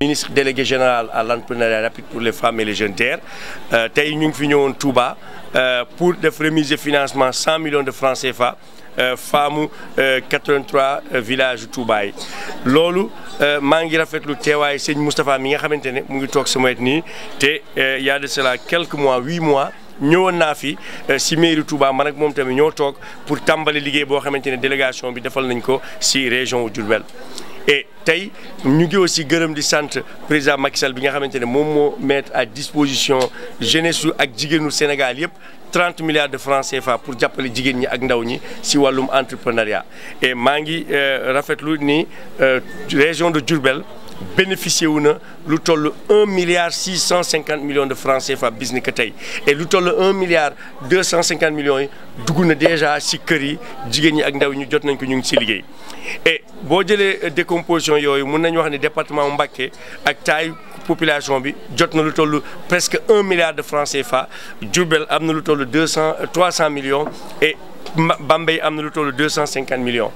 ministre délégué général à l'entrepreneuriat rapide pour les femmes et les jeunes terres euh, euh, pour de financement 100 millions de francs CFA femmes 83 villages de Toubaï. Euh, Moustapha mi nga mu ngi sama Té Il y a de cela quelques mois 8 mois. nous na fi si mairie Touba man ak pour délégation bi nañ région nous avons aussi gërëm di sant président Macky Sall bi nga mettre à disposition jeunesse ak jigenu Sénégal 30 milliards de francs CFA pour jappalé les ñi ak ndaw ñi entrepreneuriat et mangi ngi euh, rafetlu euh, région de Durbel bénéficier de 1 milliard 650 millions de francs CFA business et nous avons 1 milliard 250 millions de déjà si curry et nous euh, avons décomposition yoy nous avons ni département Mbaké et la population nous presque 1 milliard de francs CFA jubel nous 200 300 millions et Bambay un lu de 250 millions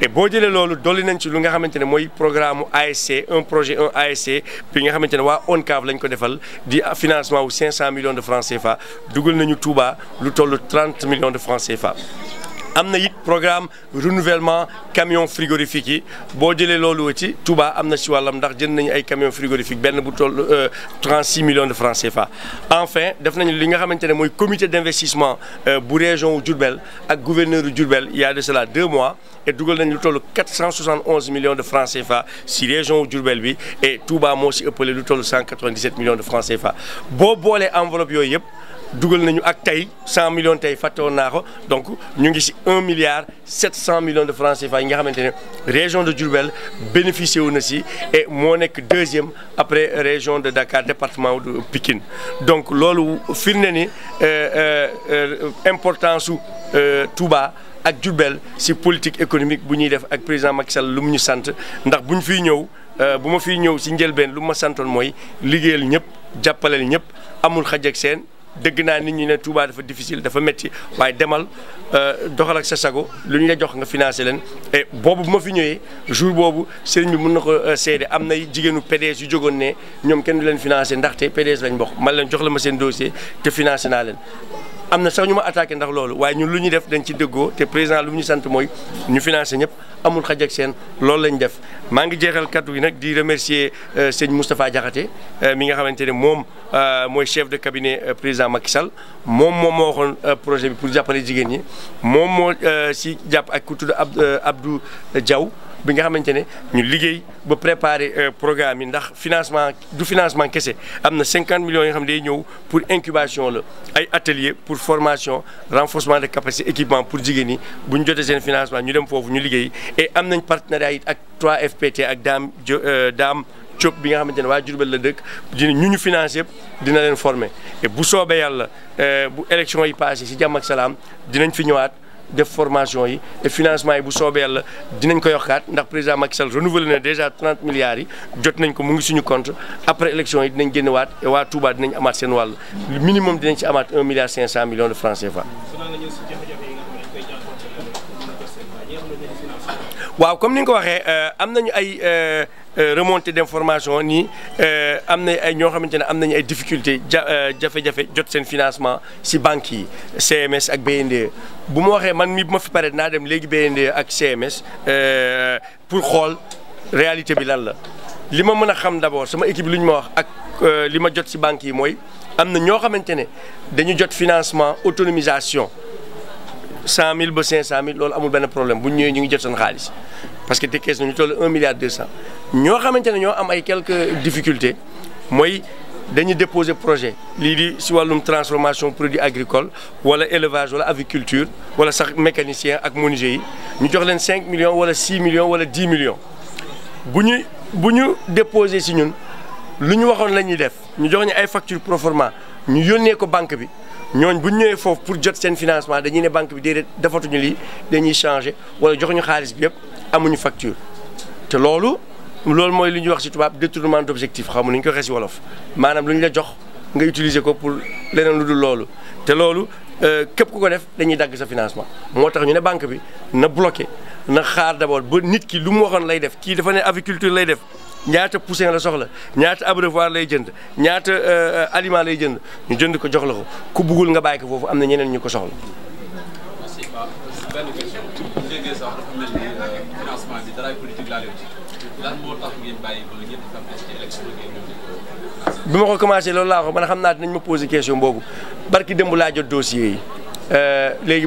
et si vous lolu un nañ ci lu nga programme ASC un projet un ASC bi nga xamantene wa cave, lañ financement de 500 millions de francs CFA dugul nañu Touba lu de 30 millions de francs CFA amna programme renouvellement camion frigorifique bo boo jëlee ci Touba amna na walam ndax jënd nañ ay camion frigorifique Ben bu toll 36 euh, millions de francs CFA. enfin def nañ li nga xamantene moy comité d'investissement euh, bu région Djourbel ak gouverneur Djourbel il y a de cela deux mois et dougal nañ lu toll 471 millions de francs CFA si région Djourbel bi et Touba moo si ëppale lu toll 197 millions de francs CFA bon bolé enveloppe yooyu yëpp dugal nañu ak tay 100 millions tay fàtte woon ko donc ñu ngi ci 1 milliard 700 millions de francs CFA yi nga xamantene région de Djourbel bénéficié wu et mo nek deuxième après région de Dakar département de Pikine donc lolu firnde ni euh, euh, importance euh Touba. ak Djourbel ci politique économique bu ñuy def ak président Macky Sall lu ñu sante ndax buñ ñu fiy ñëw euh, bu ma fiy ñëw ci njëlbeen lu ma santoon mooy ñëpp jàppaleel ñëpp amul xaj dëgg naa nit ñi ne Touba dafa difficile dafa métti waaye demal euh, doxal ak sa sago lu ñu la jox nga financé leen boobu bu ma fi ñëwee jour boobu sëriñ mun na ko euh, seede am nay jigéenu PDS yu jógoon ne ñoom kenn du leen financé ndaxte PDS lañ bokk man lañ jox la ma seen dossier te financé naa leen. am na sax ñu ma attaqué ndax loolu waaye ñun lu ñu def dañ ci dëggoo te président lu mu ñu sant mooy ñu financé ñëpp amul xaj ak seen loolu lañ def mangi ngi jeexal kaddu gi di remercier euh, sëñ Moustapha Diakhaté euh, mi nga xamantene mom euh, moy chef de cabinet président Macky Sall mom moom waxon projet bi pour jàppale jigéen ñi moom moo si Jap ak ku Abdou Diaw bi nga xamantene ñu liggéey ba préparer programme ndax financement du financement kese amna 50 millions yoo xam ne day ñëw pour incubation le ay atelier pour formation renforcement de capacité équipement pour jigéen ñi bu ñu jotee financement ñu dem fofu ñu liggéey et am partenariat ak. 3FPT ak dame euh, dame Diop bi nga xamantene ne waa la dëkk dina ñu ñu financé yëpp dina leen former et bu soobee yàlla euh, bu élection yi passé ci jàmm salam dinañ fi ñëwaat def formation yi et financement yi bu sobe yalla dinañ ko yokkat ndax président Macky Sall renouvelé na déjà 30 milliards yi jot nañ ko mu ngi suñu compte après élection yi dinañ génn waat et waa Touba dinañ amaat seen wàll minimum dinañ ci amaat 1 milliard 500 millions de francs CFA. waaw comme ni nga ko waxee euh, am nañu ay euh, euh, remontée d'information nii am na ay ñoo xamante ne ay difficulté j'afé j'afé jafe jot seen financement si banques CMS ak BNDE bu ma waxee man mi bu ma fi pare naa dem léegi BNDE ak CMS pour xool réalité bi lan la li ma xam d'abord sama équipe lu ñu ma wax ak li ma jot si banques yi mooy am na ñoo xamante dañu jot financement autonomisation 100 000, 500000 500 amul benn problème bu ñu ñu ngi parce que nous caisses, nañu de 1 milliard 200 avons quelques difficultés de nous déposer projet projets. di si une transformation produit agricole wala élevage wala aviculture wala sax mécanicien ak mon yi Nous avons 5 millions wala 6 millions ou 10 millions déposer si Nous déposons, nous avons Nous des def ñu Nous ñu ay facture banque ñooñ bu ñu ñëwee foofu pour jot seen financement dañuy ne banque bi déedéet defatuñu lii dañuy changé wala joxuñu xaalis bi yëpp amuñu facture te loolu loolu mooy li ñuy wax ci tubaab détournement d'objectif xamu nañu ko xes wolof maanaam lu ñu la jox nga utiliser ko pour leneen lu dul loolu te loolu euh, képp ku ko def dañuy dagg sa financement moo tax ñu ne banque bi na bloqué na xaar d'abord ba nit ki lu mu waxoon lay def kii dafa ne aviculture lay def ñaata poussin la soxla ñaata abreuvoir lay jënd ñaata euh, euh, aliment lay jënd ñu jënd ko jox la ko ku buggul nga bàyyi ko foofu am na ñeneen ñu ko soxla. benn question bu déggee bi laa ba ne ma ko commencé loolu laa ko man xam naa dinañ ma posé question boobu barki démb laa jot dossier yi euh, léegi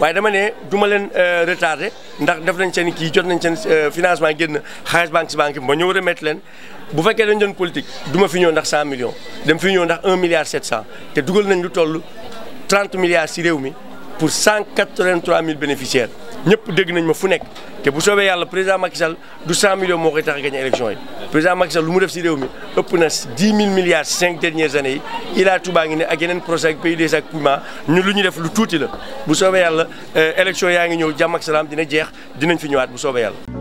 waaye dama ne duma ma leen euh, retardé ndax def nañ seen kii jot nañ seen euh, financement génn xaalis banque si banque bi ma ñëw leen bu fekkee dañ doon politique duma fi ñëw ndax 100 millions dem fi ñëw ndax 1 milliard 700 te dugal nañ lu toll 30 milliards si réew mi pour 183 000 bénéficiaires. ñëpp dégg nañ ma fu nekk te bu soobee yàlla président Macky Sall du 100 millions moo koy tax a gagné élection yi président Macky Sall lu mu def si réew mi ëpp na 10 000 milliards cinq dernières années yi Ila tuba ngi ne ak yeneen projet ak des ak ñu ñun lu ñu def lu tuuti la bu soobee yàlla euh, élection yaa ngi ñëw jàmm ak salaam dina jeex dinañ fi ñëwaat bu soobee yàlla.